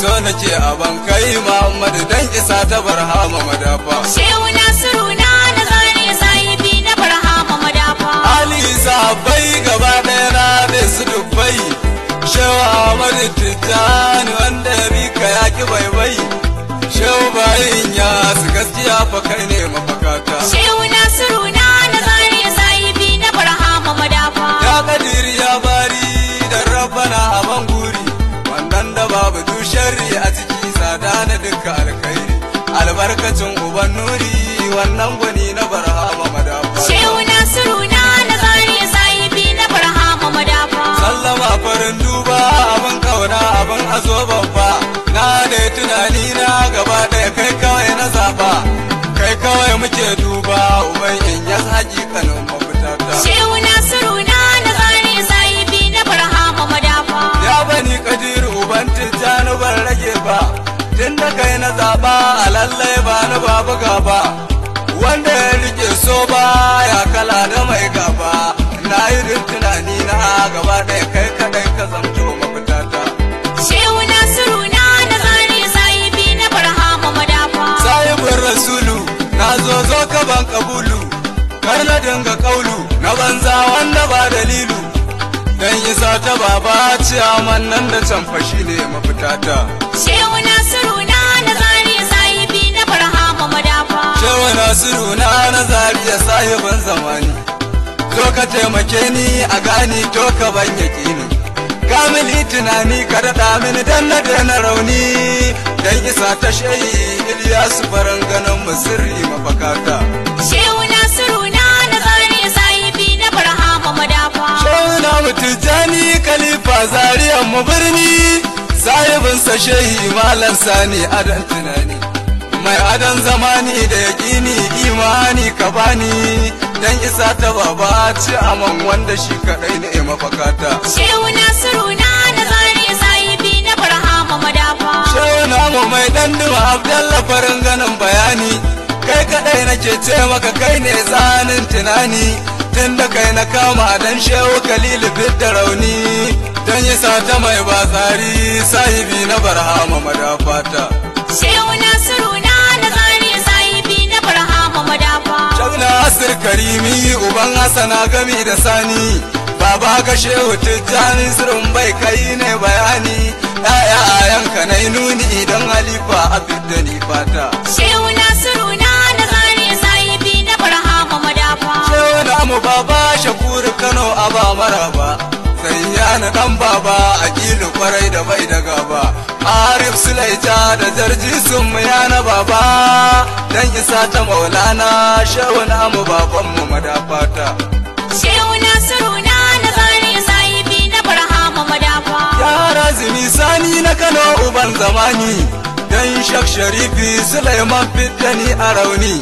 so nake a ban kai Muhammadu dan isa ta barhama madafa Shehu Nasiru na na zane sahibi na barhama madafa Ali bai gaba ɗaya na da su dubbai Shehu Ahmadu Tijjani wanda ya bi ka yaki bai Shehu bayin ya su gaskiya fa kai ne mafakata Shehu Nasiru na sharri a ciki tsada na dukkan alkhairi albarkacin uban nuri wannan gwani na barhama madafa shehu nasiru na nazari sahibi na barhama madafa sallama farin duba abin kauna abin azo babba na da tunani na gaba ɗaya kai kawai na zaba kai kawai muke duba uban in ya hakikanin mutum da kai na zaba a lallai ba na babu gaba wanda ya rike so ba ya kala da mai gaba na yi rin tunani na gaba ɗaya kai kaɗai ka zamto mafitata shehu nasiru na na zayi sahibi na barhama madafa sahibin rasulu na zo zo ka ban kabulu kar na dinga kaulu na banza wanda ba dalilu dan isa ta baba ciyaman nan da can fashi ne mafitata shehu na sahibin zamani zo ka taimake ni a gani to ka ban yaƙini kamili tunani ka daɗa mini dan na daina rauni dan isa ta shayi Ilyasu faran ganin musirri mafakata shehu nasiru na na zari sahibi na barhama madafa shehu na mutujani kalifa zariyan mu birni sahibin sa shehi malam sani adan tunani mai adan zamani da yaƙi ka bani dan isa ta baba ci aman wanda shi kaɗai ne mafakata shehu nasiru na da zari sahibi na ma madafa shehu namu mai dan duwa abdalla farin ganin bayani kai kaɗai nake ce maka kai ne tsanin tunani tun da kai na kama dan shehu kalilu fit da rauni dan isa ta mai ba tsari sahibi na madafa ta. shehu nasiru karimi uban hasana gami da sani baba ka shehu tijjani sirrin bai kai ne bayani ya'ya a yanka na nuni idan halifa abin da ni fata shehu nasiru na na zane bi na barha madafa shehu na mu baba shakur kano aba maraba sai ya na dan baba a kwarai da bai da gaba arif sulaita da darji sun na baba dan isa ta maulana shehu mu baban mu madafata shehu suruna na bari sahibi na barhama madafa Ya zini sani na kano uban zamani dan shak sharifi sulaiman fitani a rauni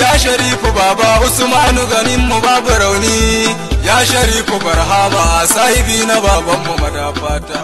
ya sharifu baba usmanu ganin mu babu rauni ya sharifu barhama sahibi na baban mu madafata